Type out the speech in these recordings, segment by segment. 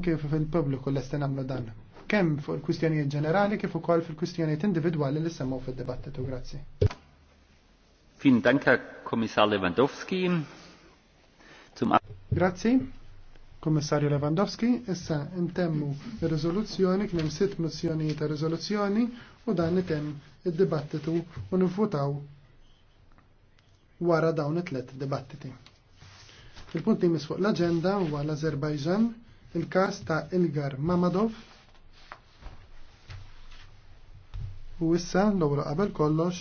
kif fil-pubbliku l-este namlu dan. Kemm fuq il-kwistjonijiet ġenerali kif ukoll fil-kwistjonijiet individwali li semmu fil-dibattitu. Grazzi. Fin danka komissar Lewandowski. Grazzi. Kommissarju Lewandowski, issa intemmu il-rizoluzzjoni kien hemm sitt mozzjoni ta' rizoluzzjoni u dan item id-dibattitu u nifutaw wara dawn it-tlet dibattiti. il punti li fuq l-agenda huwa l-Azerbajġan il-kas ta' Ilgar Mamadov u issa l-ewwel qabel kollox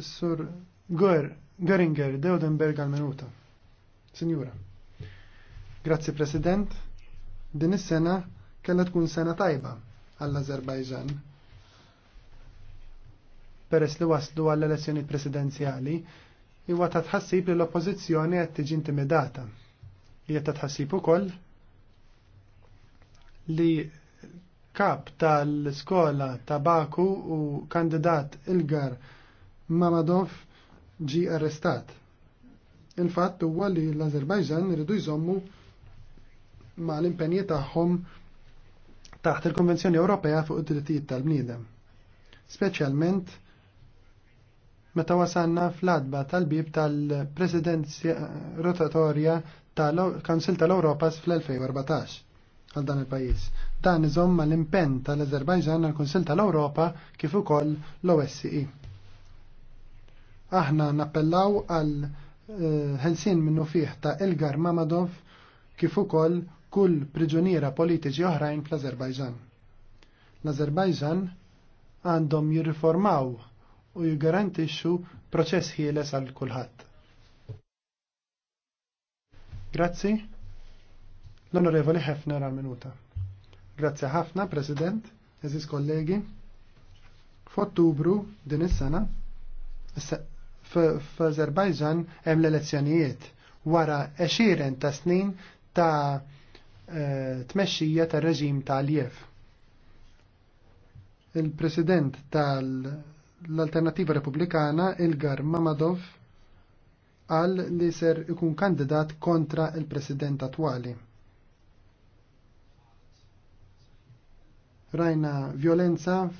sur Gör Göringer Deodenberg għal minuta. Sinjura. Grazzi President, din is-sena kellha tkun sena tajba għall-Azerbajġan peress li waslu għall elezzjoni presidenzjali, huwa ta' tħassib li l-oppożizzjoni qed tiġi intimidata li jatta tħassib ukoll li kap tal-skola Tabaku u kandidat Ilgar Mamadov ġi arrestat. Il-fatt huwa li l-Azerbajġan rridu jżommu ma' l-impenji tagħhom taħt il-Konvenzjoni Ewropea fuq id-drittijiet tal-bniedem. Speċjalment meta wasanna fl-adba tal-bib tal presidenzja rotatorja tal-Kansil tal europa fl-2014 għal dan il-pajis. Dan iżomm mal impenn tal-Azerbajġan għal kunsil tal-Ewropa kif ukoll l-OSCE. Aħna nappellaw għal eh, ħelsin minnu fih ta' Elgar Mamadov kif ukoll kull priġuniera politiċi oħrajn fl-Azerbajġan. L-Azerbajġan għandhom jirriformaw u jgarantixxu proċess ħieles għal kulħadd. Grazzi. L-Onorevoli Hefner għal minuta. Grazzi ħafna, President, eżis kollegi. F'Ottubru din is-sena, f'Azerbajġan hemm l-elezzjonijiet wara 20 ta' snin ta' eh, tmexxija tar reġim ta' Aliyev. Il-President tal-Alternativa Repubblikana, Ilgar Mamadov, qal li ser ikun kandidat kontra il-president attwali. Rajna violenza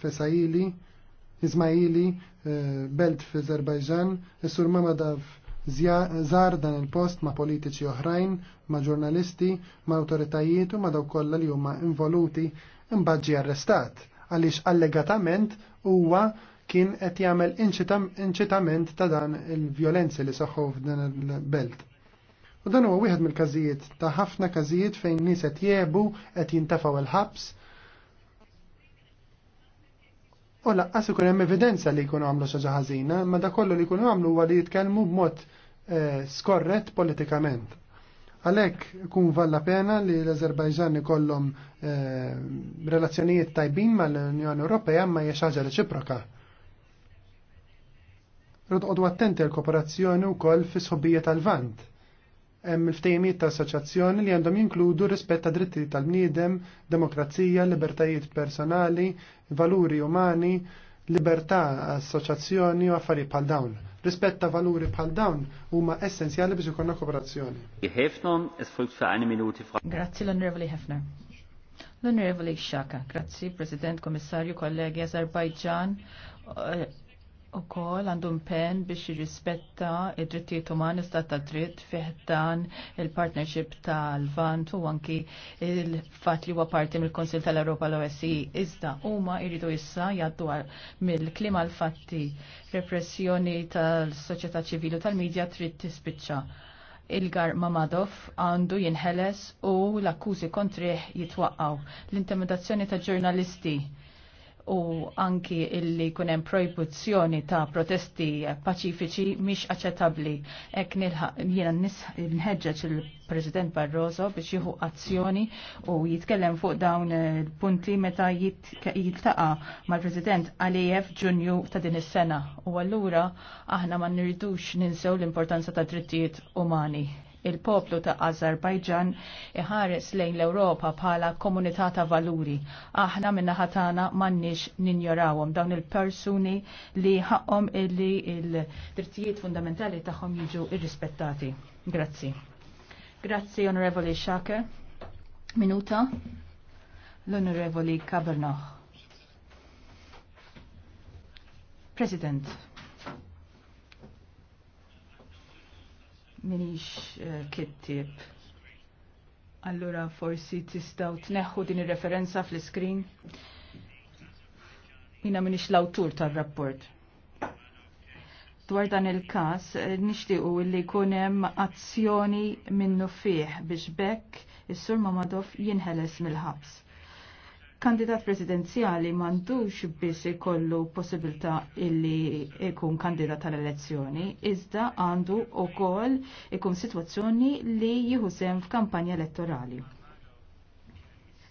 Ismaili, eh, belt f'Azerbajġan, sur Mamadav zar dan il-post ma' politiċi oħrajn, ma' ġurnalisti, ma' autoritajiet u ma' daw kollha li huma involuti imbaġġi arrestat għaliex allegatament huwa kien qed jagħmel inċitament ta' dan il-vjolenzi li saħħu f'dan il-belt. U dan huwa wieħed mill-każijiet ta' ħafna każijiet fejn nies qed jiebu qed jintafgħu il-ħabs U laqqas ikun hemm evidenza li jkunu għamlu xi ħażina, ma da kollu li jkunu għamlu huwa li jitkellmu b'mod eh, skorret politikament. Għalhekk kun valla pena li l-Azerbajġan ikollhom eh, relazzjonijiet tajbin mal-Unjoni Ewropea ma hija xi ħaġa reċiproka rrid qodu attenti għal kooperazzjoni wkoll fis ħobbija tal-vant. Hemm il-ftejmiet ta' assoċjazzjoni li għandhom jinkludu rispett ta' dritti tal-bniedem, demokrazija, libertajiet personali, valuri umani, libertà assoċjazzjoni u affarijiet bħal dawn. Rispett ta' valuri bħal dawn huma essenzjali biex ikollna kooperazzjoni. Grazzi l-Onorevoli Hefner. L-Onorevoli Xhaka, grazzi President, Kommissarju, kollegi Azerbajġan, eh, u kol għandhom pen biex jirrispetta id-drittijiet umani stat ta' dritt dan, il-partnership tal-Vant u anki il-fat li huwa parti mill-Konsil tal-Europa l-OSI. Iżda huma jridu issa jgħaddu mill-klima l-fatti repressjoni tal-soċjetà ċivili u tal-medja trid tispiċċa. Ilgar Mamadov għandu jinħeles u l-akkużi kontriħ jitwaqqaw. L-intimidazzjoni ta' ġurnalisti u anki illi kunem proibuzzjoni ta' protesti paċifiċi mhix aċċettabbli. Ek jiena nħeġġeġ il-President Barroso biex jieħu azzjoni u jitkellem fuq dawn il-punti meta jiltaqa mal-President Aliyev Ġunju ta' din is-sena. U allura aħna ma nirridux ninsew l-importanza ta' drittijiet umani il-poplu ta' Azerbajġan iħares lejn l-Ewropa bħala komunità ta' valuri. Aħna minna ħatana mannix ninjorawhom dawn il-persuni li ħaqhom illi il-drittijiet fundamentali tagħhom jiġu irrispettati. Grazzi. Grazzi Onorevoli Shaka. Minuta. L-Onorevoli Kabernoch. President. minix eh, kittib. Allura forsi tistaw tneħħu din ir-referenza fl screen Jina minix l-awtur tal-rapport. Dwar dan il-kas, eh, nixtiqu li kunem azzjoni minnu fih biex bekk is-sur Mamadov jinħeles mill-ħabs kandidat presidenziali mandux biss ikollu possibilità illi ikun kandidat tal-elezzjoni, iżda għandu ukoll ikun situazzjoni li jieħu sehem f'kampanja elettorali.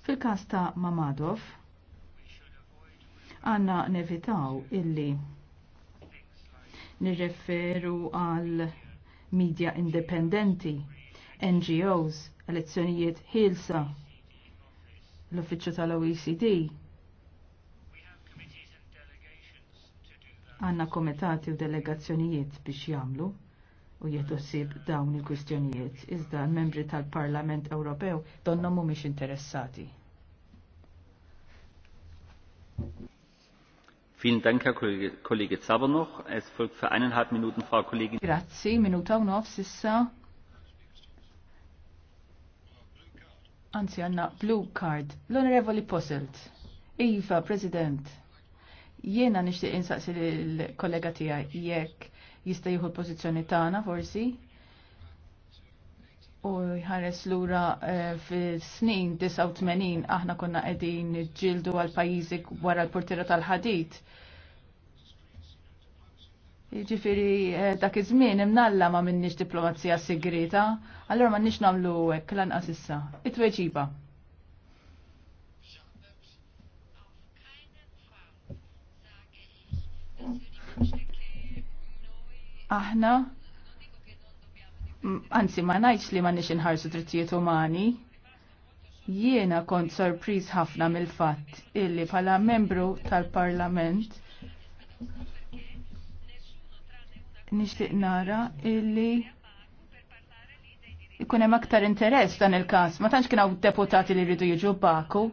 Fil-kas ta' Mamadov, għanna nevitaw illi nirreferu għal media indipendenti, NGOs, elezzjonijiet ħilsa, l-Uffiċċju tal-OECD. Għanna komitati u delegazzjonijiet biex jamlu u jitossib dawn il-kwistjonijiet, iżda l-membri tal-Parlament Ewropew donnom mhumiex interessati. Vielen Dank, Herr Kollege Zabernoch. Es folgt für eineinhalb Minuten Frau Kollegin. Grazie, minuta und nofs issa. Anzi, għanna blue card. L-Onorevoli Posselt. Iva, President. Jiena nishtiq insaqsi l-kollega tija jekk jista jieħu l-pozizjoni tagħna forsi. U jħares lura eh, fis-snin 89 aħna konna qegħdin ġildu għal pajjiżi wara l-portira tal-ħadid Ġifiri, eh, dak iż-żmien imnalla ma minnix diplomazija segreta, allora ma nix namlu hekk lanqas issa. It-tweġiba. Aħna anzi ma ngħidx li ma nix inħarsu drittijiet umani. Jiena kont sorpriż ħafna mill-fatt illi bħala membru tal-Parlament nixtieq nara illi ikun hemm aktar interess dan il-każ. Ma tantx kien hawn deputati li rridu jiġu Baku.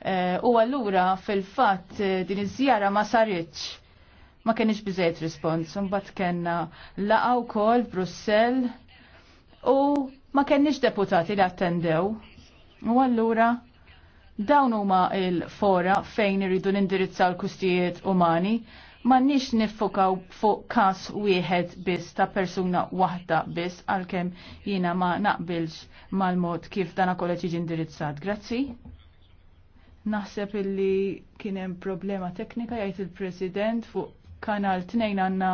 Eh, u allura fil-fatt eh, din iż-żjara ma saritx. Ma kienx biżejt rispons, imbagħad kellna laqgħu wkoll Brussell u ma kenniex deputati li attendew. U allura dawn huma il-fora fejn irridu nindirizzaw l-kustijiet umani Ma nix nifokaw fuq kas wieħed biss ta' persuna waħda biss għalkemm jiena ma naqbilx mal-mod kif dana kollha jiġi indirizzat. Grazzi. Naħseb illi kien hemm problema teknika jgħid il-President fuq kanal tnejn għandna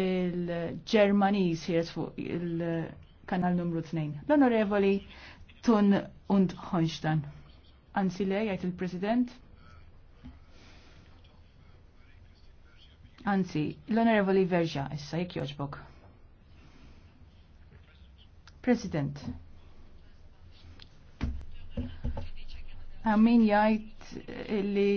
il-Ġermaniż jgħid fuq il-kanal numru Tnejn. L-Onorevoli Tun und Honstein. Anzi lej jgħid il-President Anzi, l-Onorevoli Verja, issa jek joġbok. President. Għamin jajt li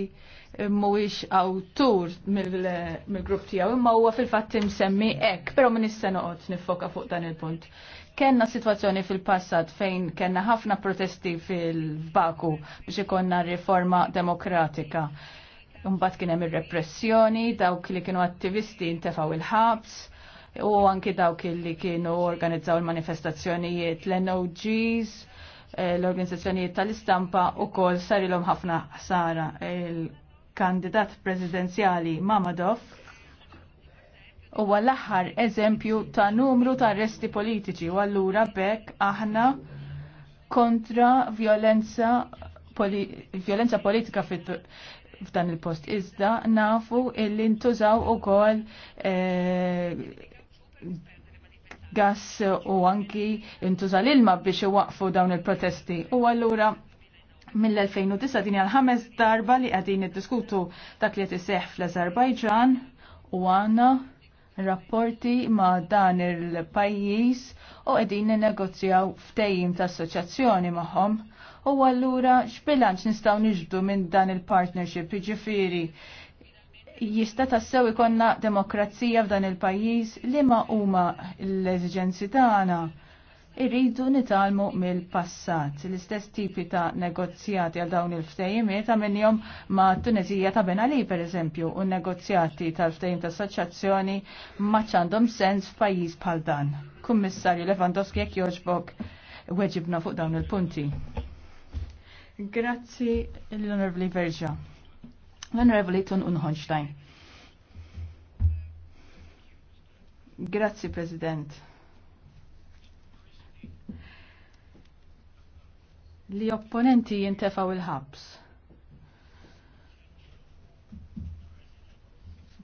mhuwiex awtur mill-grupp tiegħu imma huwa fil-fatt semmi hekk, però min issa noqgħod nifoka fuq dan il-punt. Kenna situazzjoni fil-passat fejn kenna ħafna protesti fil-Baku biex ikonna riforma demokratika. Mbagħad kien hemm ir-repressjoni, dawk li kienu attivisti ntefgħu il-ħabs u anki dawk li kienu organizzaw il-manifestazzjonijiet l-NOGs, eh, l-organizzazzjonijiet tal-istampa u kol sarilhom ħafna ħsara il-kandidat prezidenzjali Mamadov huwa l-aħħar eżempju ta' numru ta' arresti politiċi u allura bekk aħna kontra violenza poli, violenza politika f'dan il-post. Iżda nafu illi ntużaw ukoll eh, gas u anki ntuża l-ilma biex iwaqfu dawn il-protesti. U allura mill-2009 din għal-ħames darba li għadin id-diskutu dak li jtiseħ fl-Azerbajġan u għana rapporti ma' dan il-pajjiż u qegħdin negozjaw ftejjim ta' assoċjazzjoni magħhom. U allura x'bilanċ nistgħu niġbdu minn dan il-partnership, jiġifieri jista tassew ikonna demokrazija f'dan il-pajjiż li ma' huma l-eżiġenzi tagħna irridu nitalmu mill-passat. L-istess tipi ta' negozjati għal dawn il-ftejimiet għamenjom ma' Tunezija ta' Benali, per eżempju, u negozjati tal-ftejim ta' assoċjazzjoni ma' ċandhom sens f'pajjiż bħal dan. Kummissarju Lewandowski jekk joġbok weġibna fuq dawn il-punti. Grazzi l-Onorevoli Verġa. L-Onorevoli Tun Unhonstein. Grazzi, President. li opponenti jintefaw il-ħabs.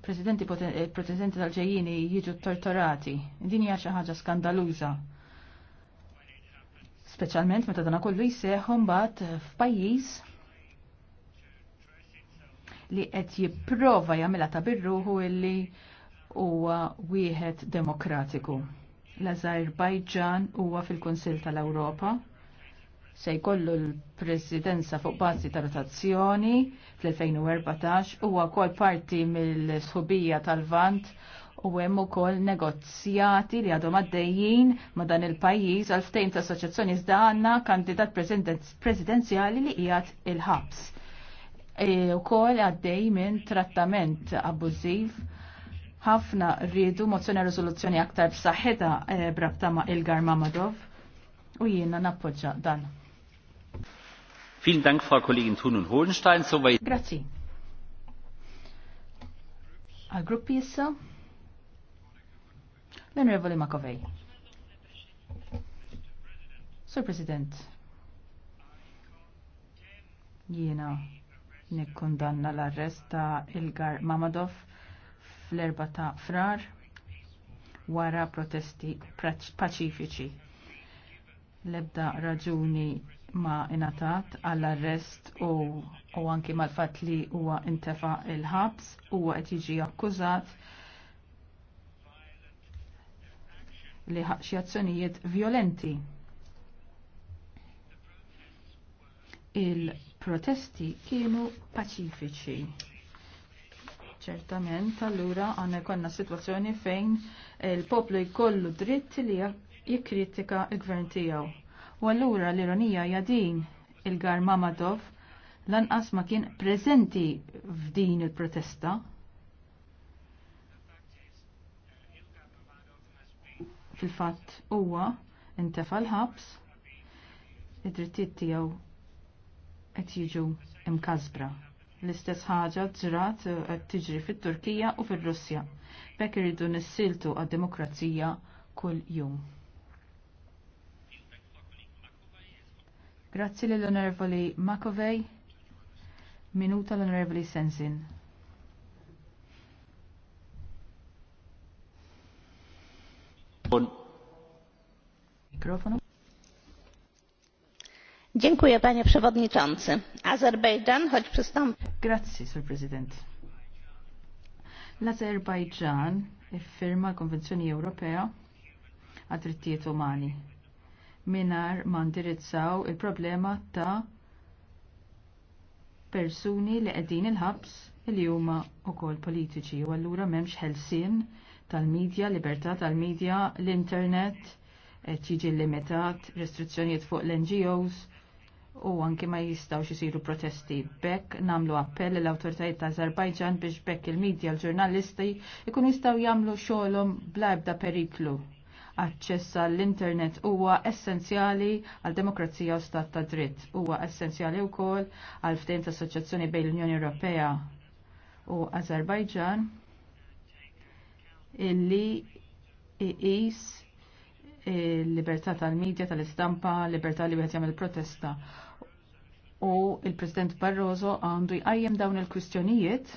Presidenti il-Presidenti eh, tal-ġejjini jiġu torturati. Din hija xi ħaġa skandaluża. Speċjalment meta dan kollu jseħħu mbagħad f'pajjiż li qed jipprova jagħmilha ta' birruħu illi huwa wieħed demokratiku. L-Azerbajġan huwa fil-Kunsill tal-Ewropa se jkollu l-presidenza fuq bazzi ta' rotazzjoni fl-2014 huwa wkoll parti mill-sħubija tal-Vant u hemm ukoll negozjati li għadhom għaddejjin ma' dan il-pajjiż għal ftehim ta' assoċjazzjoni iżda kandidat presidenzjali li qiegħed il-ħabs. E, ukoll għaddej minn trattament abbużiv ħafna rridu mozzjoni riżoluzzjoni aktar b'saħħitha e, brabta ma' il-Garmamadov u jiena nappoġġa dan. Vielen Dank, Frau Kollegin Thun und Hohenstein. Soweit. Grazie. Al gruppi issa. L-Onorevoli Sir President, jiena nikkundanna l-arrest ta' Ilgar Mamadov fl erba ta' frar wara protesti paċifiċi. L-ebda raġuni ma inatat għall-arrest u, u anki mal-fat li huwa intefa il-ħabs huwa qed jiġi akkużat li ħaqxi azzjonijiet violenti. Il-protesti kienu paċifiċi. Ċertament, allura għanna konna situazzjoni fejn il-poplu jkollu dritt li jikkritika il-gvern tijaw U allura l-ironija hija din il-gar Mamadov lanqas ma kien preżenti f'din il-protesta. Fil-fatt huwa intefa l-ħabs id-drittijiet tiegħu qed jiġu imkazbra. L-istess ħaġa ġrat eh, qed tiġri fit-Turkija u fir-Russja. Bekk irridu nissiltu għad-demokrazija kull jum. Grazzi l-Onorevoli Makovej, minuta l-Onorevoli Sensin. Mikrofonu. Dziękuję panie przewodniczący. Azerbejdżan, choć przystąpi. Grazie, sir prezydent. l firma konwencjoni europea a Ewropea drittijiet umani minar mandirizzaw il-problema ta' persuni li qegħdin il-ħabs li huma wkoll politiċi u allura m'hemmx ħelsien tal-medja, libertà tal-medja, l-internet tiġi limitat, restrizzjonijiet fuq l-NGOs u anke ma jistgħux isiru protesti. Bekk nagħmlu appell l awtoritajiet ta' Azerbajġan biex bekk il-medja l-ġurnalisti ikun jistgħu jagħmlu xogħolhom bla ebda periklu Aċċess għall-internet huwa essenzjali għal demokrazija u stat ta' dritt. Huwa essenzjali wkoll għal ftehim ta' assoċjazzjoni bejn l-Unjoni Ewropea u Azerbajġan illi iqis il-libertà tal-medja, tal-istampa, libertà li wieħed jagħmel protesta. U il-President Barroso għandu jqajjem dawn il-kwistjonijiet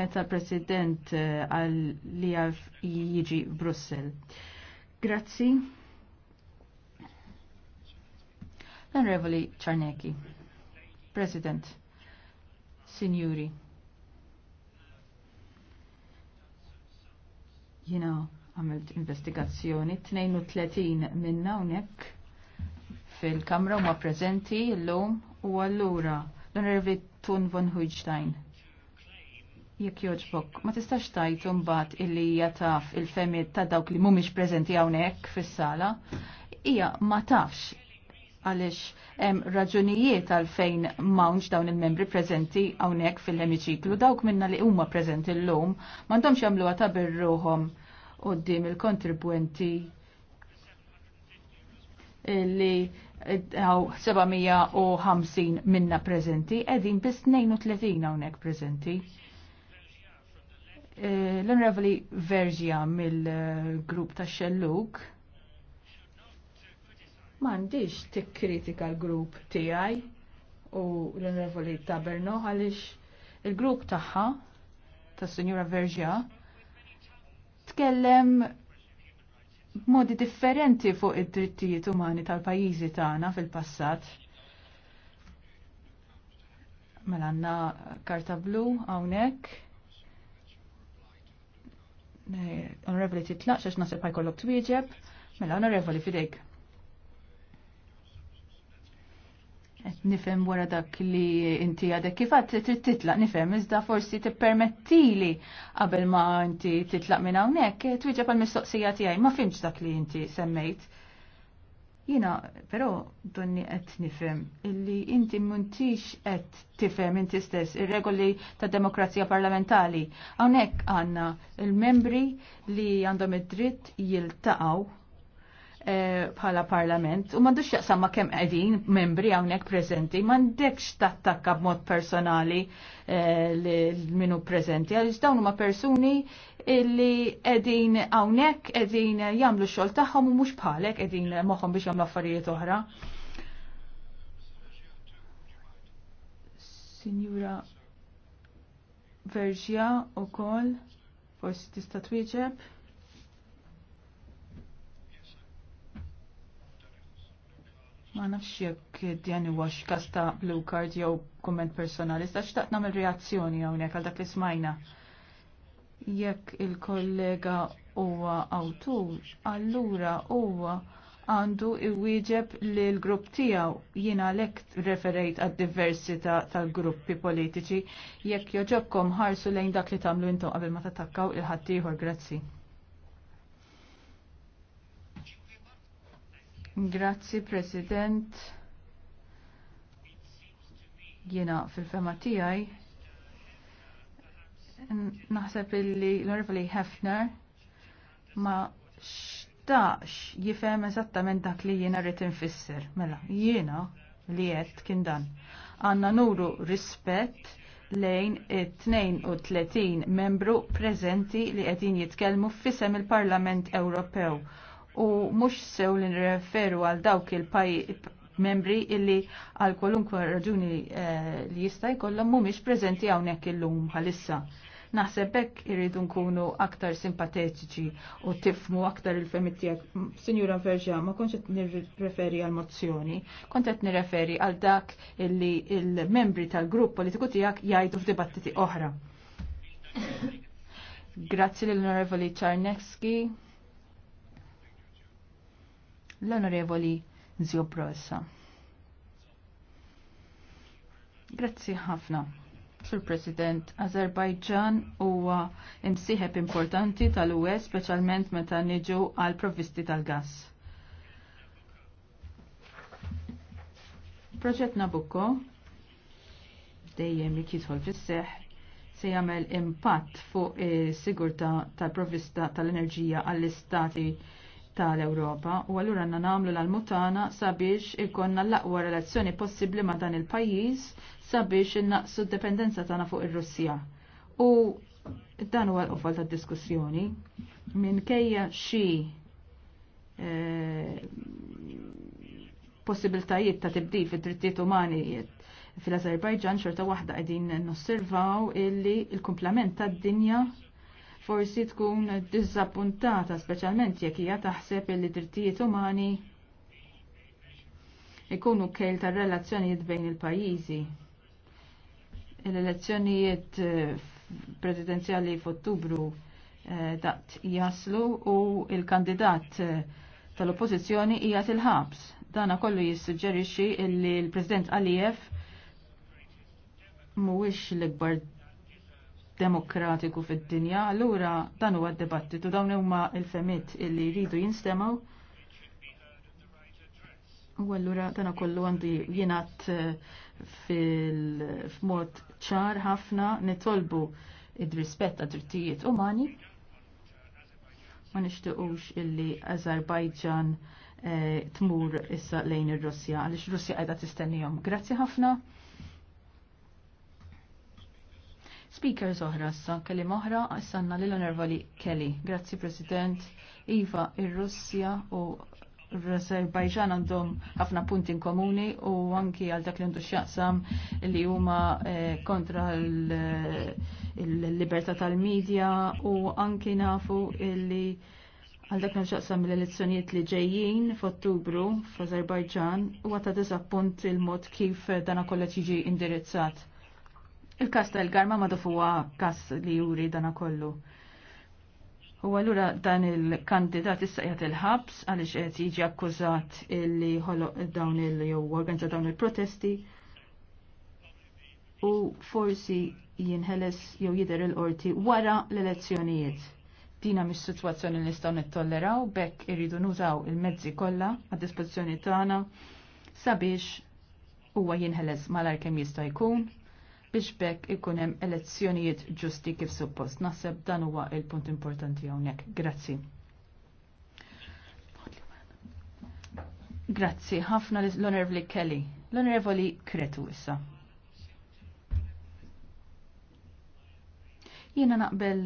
meta l-President eh, għal li jiġi Brussel. Grazzi. l Czarnecki, President, Signori, jina għamilt investigazzjoni 32 minna unek fil-kamra ma prezenti l-lum u għallura l-Onorevoli Tun von Huijstein. Jekk joġbok, ma tistax tajt mbagħad illi hija taf il-femiet ta' dawk li mhumiex preżenti hawnhekk fis-sala. Hija ma tafx għaliex hemm raġunijiet għalfejn m'hawnx dawn il-membri preżenti hawnhekk fil-hemiċiklu dawk minna li huma preżenti llum m'għandhomx jagħmluha ta' birruhom qudiem il-kontribwenti li għaw 750 minna prezenti, edin bis 32 għonek prezenti. Eh, L-Onorevoli Verġja mill-grupp ta' Xelluk mandiġ tikkritika l-grupp tijaj u l-Onorevoli Taberno għaliex il-grupp tagħha ta' Sinjura Verġja tkellem modi differenti fuq id-drittijiet umani tal-pajjiżi tagħna fil-passat. Mela għandna karta blu hawnhekk Onorevoli titlaq, xax nasib ħajkollok twieġeb, mela onorevoli fidejk. Nifem wara dak li inti għadek kifat trid titlaq nifem iżda forsi tippermettili qabel ma inti titlaq minn hawnhekk twieġeb għal mistoqsija tiegħi ma fimx dak li inti semmejt. Jina, però donni qed nifhem illi inti muntix qed tifhem inti stess ir-regoli ta' demokrazija parlamentali. Hawnhekk għandna il-membri li għandhom id-dritt jiltaqgħu eh, bħala parlament u m'għandux jaqsam ma' kemm qegħdin membri hawnhekk prezenti, m'għandekx tattakka b'mod personali eh, li minu preżenti għaliex dawn huma persuni illi edin għawnek, edin jamlu xol taħħom u mux bħalek, edin moħom biex jamlu affarijiet oħra. Signora Verġja u kol, forsi tista twieġeb. Ma nafx jekk djani wax kasta blue card jew komment personali, xtaqt namel reazzjoni hawnhekk għal dak li smajna jekk il-kollega huwa awtur, allura huwa għandu iwieġeb li l-grupp tijaw jina lekt referejt għad diversità tal-gruppi politiċi jekk joġobkom ħarsu lejn dak li tamlu intom qabel ma tattakkaw il-ħaddieħor grazzi. Grazzi President. Jena fil-fema tiegħi naħseb illi l-Onorevoli Hefner ma xtax jifhem eżattament dak li jiena rrit infisser. Mela, jiena li jett kien dan. Għanna nuru rispett lejn it-32 membru preżenti li qegħdin jitkellmu f'isem il-Parlament Ewropew u mhux sew li nirreferu għal dawk il-pajjiż membri illi għal kwalunkwe raġuni eh, li jista' jkollhom mhumiex preżenti hawnhekk illum bħalissa. Naħseb hekk irridu nkunu aktar simpatetiċi u tifmu aktar il-femit tiegħek. Sinjura Verġa, ma kontx qed nirreferi għal mozzjoni, kont qed nirreferi għal dak illi il-membri tal-grupp politiku tiegħek jgħidu f'dibattiti oħra. Grazzi l-Onorevoli Czarnecki. L-Onorevoli Zio Brossa. Grazzi ħafna. Sur President, Azerbajġan huwa imsiħeb importanti tal-UE speċjalment meta niġu għal provvisti tal-gas. Proġett Nabucco dejjem jkidħol fis-seħ se jagħmel impatt fuq is-sigurtà tal-provvista tal-enerġija għall-istati tal provista tal enerġija għall istati tal-Ewropa u għallura għanna namlu l-almutana sabiex ikonna l-aqwa relazzjoni possibli ma dan il-pajis sabiex innaqsu d-dependenza tagħna fuq ir russija U dan huwa l-qofol tad-diskussjoni kejja xi e, possibiltajiet ta' tibdil fi drittijiet umani fil-Azerbajġan xorta waħda qegħdin nosservaw illi il-kumplament tad-dinja il komplement ta' kumplament tad dinja forsi tkun dizzappuntata, speċjalment jekk hija taħseb li drittijiet umani ikunu kejl tar relazzjonijiet bejn il-pajjiżi. L-elezzjonijiet eh, presidenzjali f'Ottubru taqt eh, jaslu u il-kandidat eh, tal-oppożizzjoni hija il-ħabs. Dana kollu jissuġġerixxi li l-President Alijef mhuwiex l-ikbar demokratiku fid-dinja, allura dan huwa d debattitu dawn huma il-femit illi jridu jinstemaw. U allura dana kollu għandi jienat eh, fil-mod ċar ħafna nitolbu id-rispetta drittijiet umani. Ma nixtiqux illi Azerbajġan eh, tmur issa lejn ir-Russja għaliex Russja qiegħda tistennihom. Grazzi ħafna. Speakers oħra sa kelim oħra, għas-sanna lil onervali Kelly. Grazzi President, Iva, ir-Russja u l azerbajġan għandhom ħafna punti in komuni u anki għal dak li għandu xjaqsam li huma eh, kontra eh, l-libertà tal-medja u anki nafu li għal dak nxaqsam l-elezzjonijiet li ġejjin f'Ottubru f'Azerbajġan u għata disappunt il-mod kif dana kollet tiġi indirizzat Il-kas tal-garma ma dofuwa kas li juri dana kollu. U għallura dan il-kandidat issa jgħat il-ħabs għalix qed jiġi akkużat illi ħoloq dawn il-jew organizza dawn il-protesti u forsi jinħeles jew jidher il-qorti wara l-elezzjonijiet. Dina mis situazzjoni li nistgħu nittolleraw bekk irridu nużaw il-mezzi kollha għad-dispożizzjoni tagħna sabiex huwa jinħeles malar kemm jista' jkun biex bekk ikun hemm elezzjonijiet ġusti kif suppost. Naħseb dan huwa il-punt importanti hawnhekk. Grazzi. Grazzi, ħafna l-Onorevoli Kelly. L-Onorevoli Kretu issa. Jiena naqbel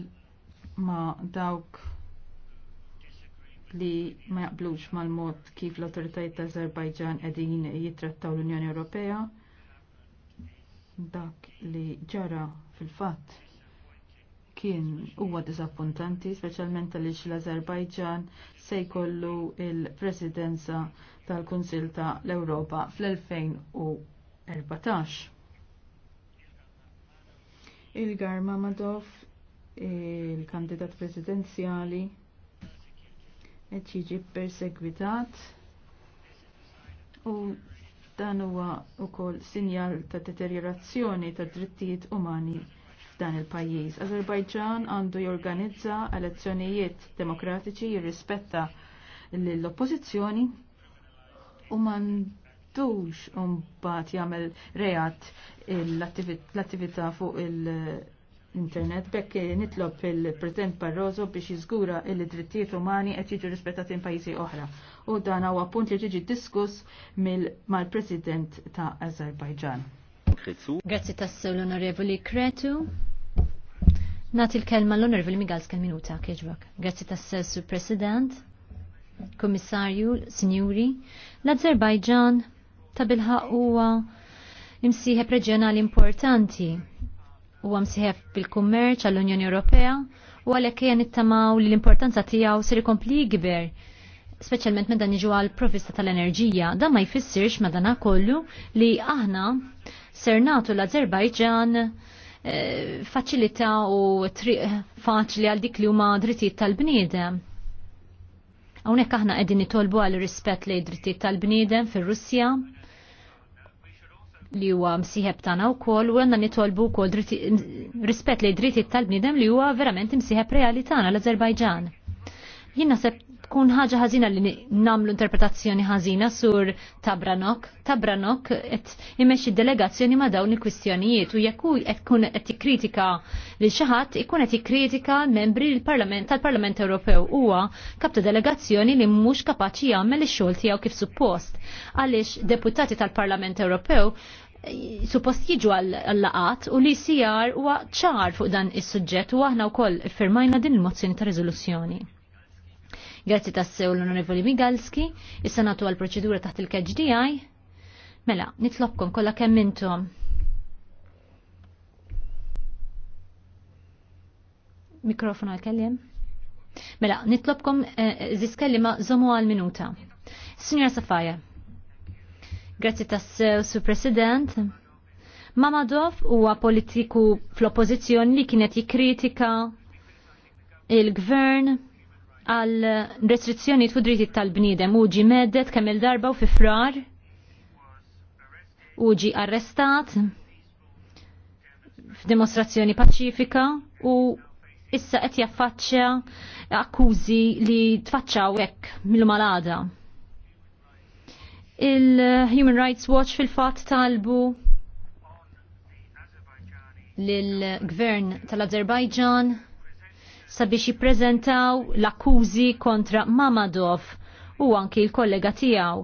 ma dawk li ma jaqblux mal-mod kif l-autoritajiet ta' Azerbajġan edin jitrattaw l-Unjoni Ewropea dak li ġara fil-fatt kien huwa diżappuntanti, speċjalment għaliex l-Azerbajġan se jkollu il-presidenza tal-Kunsil ta' l-Ewropa fl-2014. Ilgar Mamadov, il-kandidat presidenzjali, qed jiġi persegwitat u Dan huwa wkoll sinjal ta' deteriorazzjoni ta' drittijiet umani f'dan il-pajjiż. Azerbajġan għandu jorganizza elezzjonijiet demokratiċi jirrispetta l-oppożizzjoni u m'għandux mbagħad jagħmel reat l-attività fuq il- internet bekk nitlob il-President Barroso biex jiżgura il drittijiet umani qed jiġu rispettati pajjiżi oħra. U dan huwa punt li tiġi diskuss mal-President ta' Azerbaijan. Grazzi tassew l-Onorevoli Kretu. Nati l-kelma l-Onorevoli Migalska minuta kieġbok. Grazzi tassew su President, Komissarju, Sinjuri. L-Azerbajġan ta' bilħaq huwa imsieħeb reġjonali importanti u għamsiħef bil-kummerċ għall-Unjoni Ewropea u jen it-tamaw li l-importanza tiegħu ser ikompli jikber speċjalment meta niġu għal provista tal-enerġija, dan ma jfissirx madana kollu li aħna ser natu l-Azerbajġan eh, faċilita u faċli għal dik li huma drittijiet tal-bniedem. Hawnhekk aħna qegħdin nitolbu għal rispett li drittijiet tal-bniedem fir-Russja, li huwa msieħeb tagħna wkoll u għandna nitolbu wkoll rispett li drittijiet tal-bniedem li huwa verament imsieħeb reali tagħna l-Azerbajġan. Jien naħseb tkun ħaġa ħażina li namlu interpretazzjoni ħażina sur Tabranok. Tabranok qed imexxi delegazzjoni ma' dawn il-kwistjonijiet u jekk qed tkun qed tikkritika lil xi ħadd ikun qed jikkritika membri l-Parlament tal-Parlament Ewropew huwa kapta delegazzjoni li mhux kapaċi jagħmel ix-xogħol tiegħu kif suppost. Għaliex deputati tal-Parlament Ewropew eh, suppost jiġu għall-laqat u li sijar u ċar fuq dan is-suġġett u aħna wkoll firmajna din il-mozzjoni ta' riżoluzzjoni. Grazzi sew l-Onorevoli Migalski, issa sanatu għal-proċedura taħt il-KGDI. Mela, nitlobkom kollha kemm intom. Mikrofon għal-kellim. Mela, nitlobkom eh, ziskellima zomu għal-minuta. Signora Safaja, grazzi sew su President. Mamadov huwa politiku fl-oppożizzjoni li kienet jikkritika il-gvern għal restrizzjoni fuq drittijiet tal-bniedem u ġi medet kemm il-darba u fi frar u ġi arrestat f'dimostrazzjoni paċifika u issa qed jaffaċċja akkużi li tfaċċaw hekk mill-malada. Il-Human Rights Watch fil-fatt talbu lill-gvern tal-Azerbajġan sabiex jipprezentaw l-akkużi kontra Mamadov u anki l-kollega tiegħu.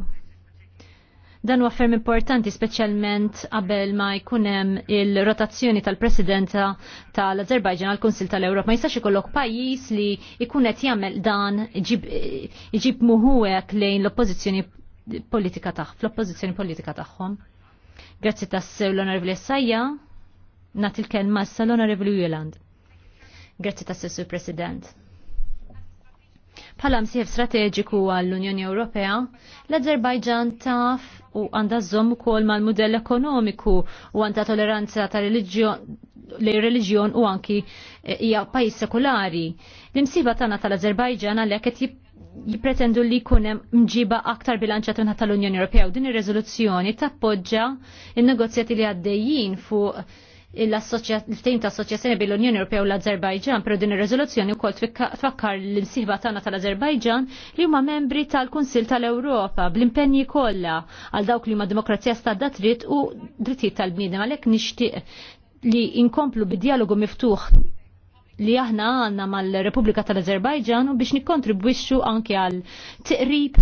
Dan huwa ferm importanti speċjalment qabel ma jkun hemm il-rotazzjoni tal-Presidenta tal-Azerbajġan għal kunsil tal-Ewropa. Ma jistax ikollok pajjiż li jkun qed jagħmel dan iġib muħuek lejn l-oppożizzjoni politika tagħ, fl-oppożizzjoni politika tagħhom. Grazzi tas l-Onorevoli Sajja, nagħti l-kelma s-Onorevoli Juland. Grazzi ta' sessu President. Pala msieħ strateġiku għall-Unjoni Ewropea, l-Azerbajġan taf u għandha kol ukoll mal-mudell ekonomiku u għandha toleranza ta' religjon li reliġjon u anki eh, hija pajjiż sekulari. L-imsiba tagħna tal-Azerbajġan għalhekk qed jipretendu li kunem mġiba aktar bilanċat tal-Unjoni Ewropea u din ir-riżoluzzjoni tappoġġa il negozjati li għaddejjin fuq il tejn ta' assoċjazzjoni bil unjoni Ewropea u l-Azerbajġan, pero din ir-riżoluzzjoni wkoll tfakkar l-imsieħba tagħna tal-Azerbajġan li huma membri tal-Kunsill tal-Ewropa bl-impenji kollha għal dawk li huma demokrazija stadda dritt u drittijiet tal-bniedem għalhekk nixtieq li inkomplu bid-dialogu miftuħ li aħna għanna mal-Repubblika tal-Azerbajġan u biex nikkontribwixxu anke għal tiqrib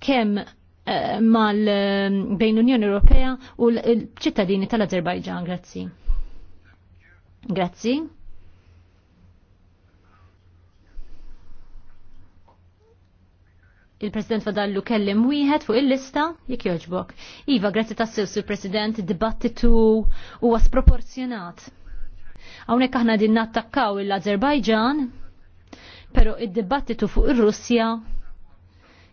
kemm eh, mal eh, bejn l-Unjoni Ewropea u l-ċittadini tal-Azerbajġan. Grazzi. Grazzi. il-President fadallu kellim wieħed fuq il-lista jekk joġbok. Iva, grazzi tassew sur President, dibattitu huwa sproporzjonat. Hawnhekk aħna din nattakkaw l-Azerbajġan, però id-dibattitu fuq ir-Russja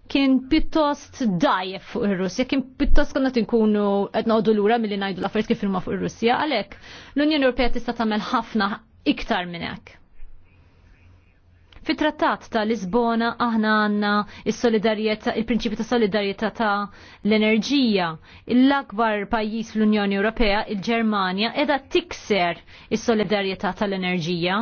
kien pittost dajef fuq ir-Russja, kien pittost konna tinkunu qed noqogħdu lura milli ngħidu l-affarijiet kif ma fuq ir-Russja, għalhekk l-Unjoni Ewropea tista' tagħmel ħafna iktar minn hekk. Fit-trattat ta' Lisbona aħna għandna is-solidarjetà, il-prinċipju ta' solidarjetà ta' l-enerġija. L-akbar pajjiż fl-Unjoni Ewropea, il-Ġermanja, qiegħda tikser is-solidarjetà tal-enerġija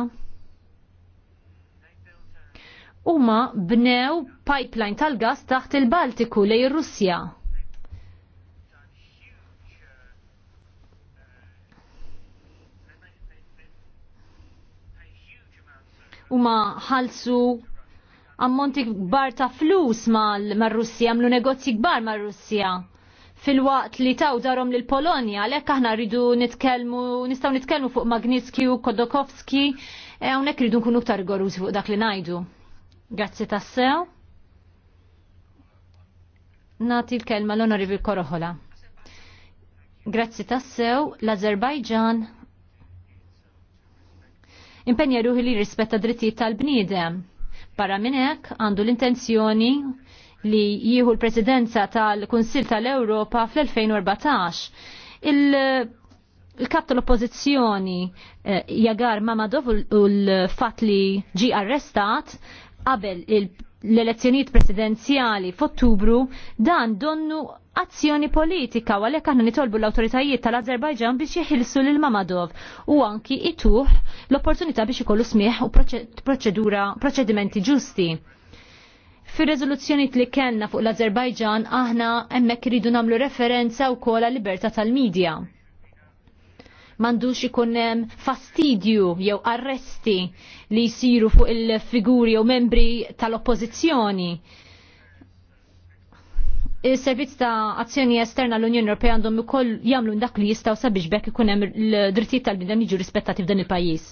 huma bnew pipeline tal-gas taħt il-Baltiku lejn Russja. Huma ħalsu ammonti kbar ta' flus mal-Russja, għamlu negozji kbar mal-Russja fil-waqt li taw darom lil Polonja, għalhekk aħna rridu nitkellmu, nistgħu nitkellmu fuq Magnitski u Kodokowski, e hawnhekk rridu nkunu ktar rigorużi fuq dak li ngħidu. Grazzi tassew. Nati l-kelma l-onorevoli Koroħola. Grazzi tassew l-Azerbajġan impenja ruħi li rispetta drittijiet tal-bniedem. Barra minnek għandu l-intenzjoni li jieħu l-presidenza tal-Kunsil tal-Europa fl-2014. Il-kap il tal-oppozizjoni eh, Jagar Mamadov u l-fat li ġi arrestat qabel l-elezzjonijiet presidenzjali f'Ottubru dan donnu azzjoni politika u għalhekk aħna nitolbu l-awtoritajiet tal-Azerbajġan biex jeħilsu lil Mamadov u anki ituh l-opportunità biex ikollu smieħ u proċedura proċedimenti ġusti. Fir-reżoluzzjoni li kellna fuq l-Azerbajġan aħna hemmhekk iridu nagħmlu referenza wkoll għal libertà tal-medja mandux ikun fastidju jew arresti li jisiru fuq il-figuri jew membri tal-oppozizjoni. Il-servizz ta' azzjoni esterna l-Unjoni Ewropea għandhom ukoll jagħmlu dak li jistgħu sabiex bekk ikun hemm l-drittijiet tal-bnedem jiġu rispettati f'dan il-pajjiż.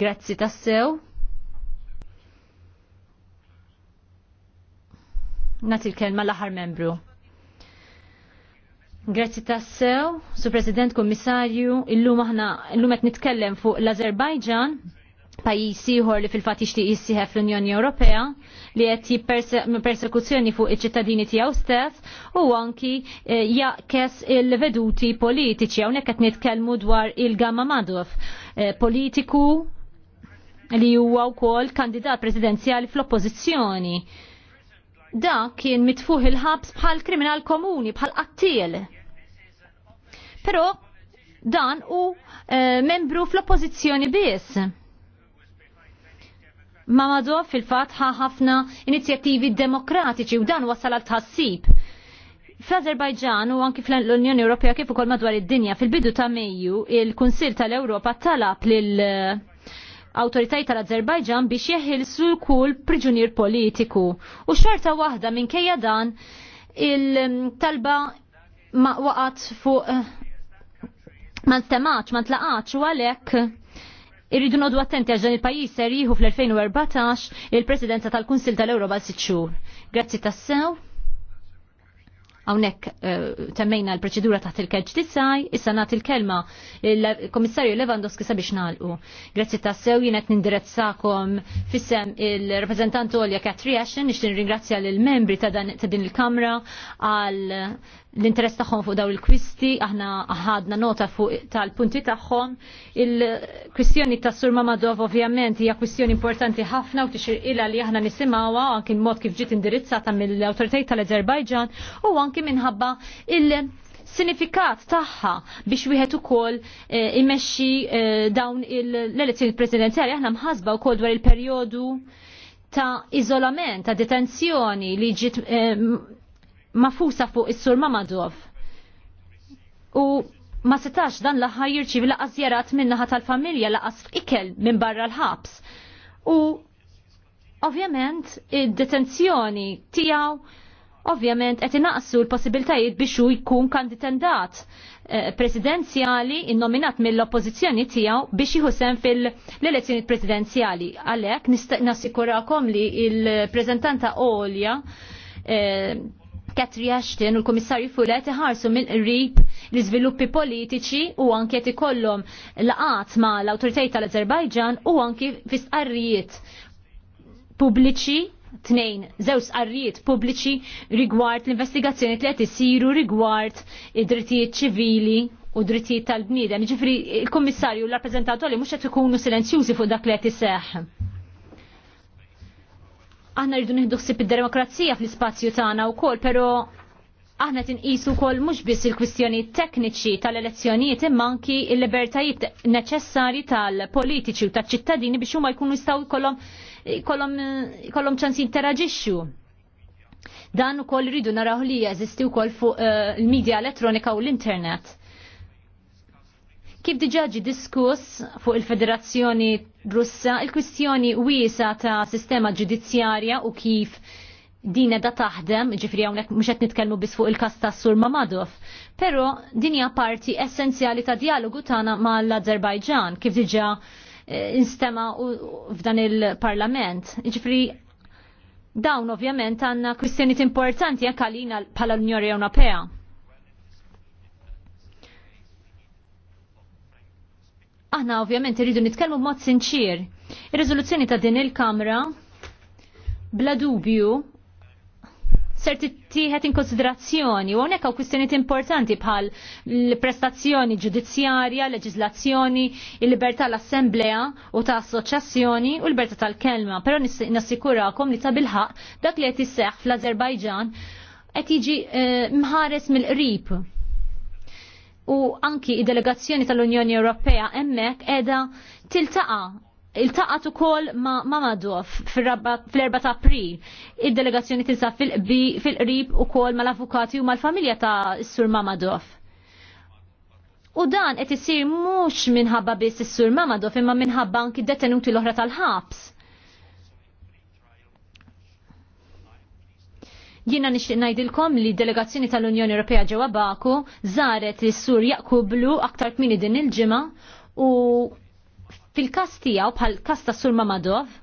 Grazzi tassew. Nagħti l-kelma l-aħħar membru. Grazzi tassew, su President Kommissarju, illum aħna illum qed nitkellem fuq l-Azerbajġan, pajjiż ieħor li fil-fatt jixtieq jissieħef fl-Unjoni Ewropea li qed persekuzzjoni fuq iċ-ċittadini tiegħu stess u anki eh, jaqkes il-veduti politiċi hawnhekk qed nitkellmu dwar il-Gamma Madov, eh, politiku li huwa wkoll kandidat presidenzjali fl-oppożizzjoni. Dak kien mitfuħ il-ħabs bħal kriminal komuni, bħal qattil Però dan u e, membru fl-oppożizzjoni biss. Ma madu fil-fat ħa ħafna inizjattivi demokratiċi u dan wasal għal tħassib fl-Azerbajġan u anki fl-Unjoni Ewropea kif ukoll madwar id-dinja fil-bidu ta' Mejju il-Kunsil tal-Ewropa talab lil eh, awtoritaj tal-Azerbajġan biex jeħilsu kull priġunier politiku. U xorta waħda kejja dan il-talba mm, ma waqat fuq eh, ma ntemax, ma ntlaqax u għalhekk irridu nodu attenti għax il pajis ser jieħu fl-2014 il-Presidenza tal-Kunsil tal-Ewropa sitt xhur. Grazzi tassew. Hawnhekk eh, temmejna l-proċedura taħt il-kelġ tisaj, issa nagħti il-kelma il-Komissarju Lewandowski sabiex nagħlqu. Grazzi tassew jien qed nindirezzakom fissem il-rappreżentant Olja Katri Ashen nixtieq ringrazzja lill membri ta' din il-Kamra għal l-interess tagħhom fuq daw il-kwisti, aħna ħadna nota fuq tal-punti tagħhom. Il-kwistjoni ta' Sur Mamadov ovvjament hija kwistjoni importanti ħafna u tixir ilha li aħna nisimgħuha anki mod kif ġiet indirizzata mill-awtoritajiet tal-Azerbajġan u anki minħabba il- sinifikat tagħha biex wieħed ukoll eh, imexxi eh, dawn l-elezzjoni presidenzjali aħna mħasba wkoll dwar il-perjodu ta' iżolament, ta' detenzjoni li ġiet eh, mafusa fuq is-sur Mamadov. U ma setax dan l-aħħar jirċivi laqas jarat minnaħa tal-familja laqas ikel minn barra l-ħabs. U ovvjament id-detenzjoni tijaw ovvjament qed inaqsu l-possibiltajiet biex hu jkun kandidat eh, presidenzjali innominat mill-oppożizzjoni tiegħu biex jieħu sem fil-elezzjoni presidenzjali. Għalhekk nassikurakom li il-preżentanta Olja eh, Katri Ashton u l-Komissarju Fulet iħarsu minn qrib l-iżviluppi politiċi u anke ikollhom laqat ma l-awtoritajiet tal-Azerbajġan u anke fi sqarrijiet pubbliċi tnejn żewġ sqarrijiet pubbliċi rigward l-investigazzjoni li qed isiru rigward id-drittijiet ċivili u drittijiet tal-bniedem. Ġifri, il-Kummissarju l-rappreżentatori mhux qed ikunu silenzjużi fuq dak li qed iseħħ aħna rridu nieħdu ħsieb id-demokrazija fl-ispazju tagħna wkoll, però aħna tinqisu wkoll mhux biss il-kwistjoni tekniċi tal-elezzjonijiet imma anki l-libertajiet neċessarji tal-politiċi u tal-ċittadini biex huma jkunu jistgħu jkollhom ċans jinteraġixxu. Dan ukoll rridu naraw li jeżisti wkoll fuq eh, il-medja elettronika u l-internet Kif diġaġi diskuss fuq il-Federazzjoni Russa il-kwistjoni wiesa ta' sistema ġudizzjarja u kif din edha taħdem, ġifri għonek mux għet nitkelmu bis fuq il kasta Sur Mamadov, pero hija parti essenzjali ta' dialogu tana ma' l-Azerbajġan, kif diġa eh, instema f'dan il-parlament. Ġifri, dawn ovvjament għanna kwistjoni importanti għalina pala l-Unjoni Ewropea. Aħna ovvjament irridu nitkellmu mod sinċir. Ir-riżoluzzjoni ta' din il-Kamra bla dubju ser tittieħed in konsiderazzjoni u hawnhekk hawn kwistjonijiet importanti bħal prestazzjoni ġudizzjarja, leġiżlazzjoni, il-libertà l-assemblea u ta' assoċjazzjoni u l-libertà tal-kelma, però nassikurakom li ta' bilħaq dak li qed isseħħ fl-Azerbajġan qed jiġi eh, mħares mill-qrib u anki id-delegazzjoni tal-Unjoni Ewropea emmek edha tiltaqa Iltaqat ukoll ma Mamadov fil-4 ta' april. Id-delegazzjoni tinsa fil-qrib ukoll mal-avukati u mal-familja ta' Sur Mamadov. U dan qed isir mhux minħabba biss is-Sur Mamadov imma minħabba anki detenuti l-oħra tal-ħabs. Jiena nixtieq ngħidilkom li delegazzjoni tal-Unjoni Ewropea ġewwa Baku żaret is-Sur jaqkublu aktar kmini din il-ġimgħa u fil-każ tiegħu bħal każ tas Sur Mamadov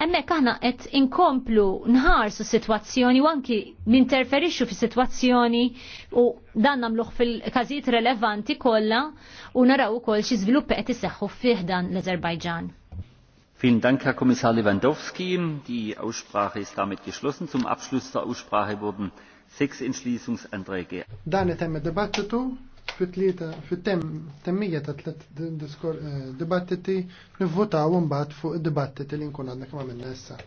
hemmhekk aħna qed inkomplu nħarsu s-sitwazzjoni u anki ninterferixxu fi sitwazzjoni u dan nagħmluh fil-każijiet relevanti kollha u naraw ukoll xi żviluppi qed iseħħu fih dan l-Azerbajġan. Vielen Dank, Herr Kommissar Lewandowski. Die Aussprache ist damit geschlossen. Zum Abschluss der Aussprache wurden sechs Entschließungsanträge. Dan item id-dibattitu fit-temmija ta' tlet eh, dibattiti nivvotaw mbagħad fuq id-dibattiti li nkun għandna kemm għamilna issa.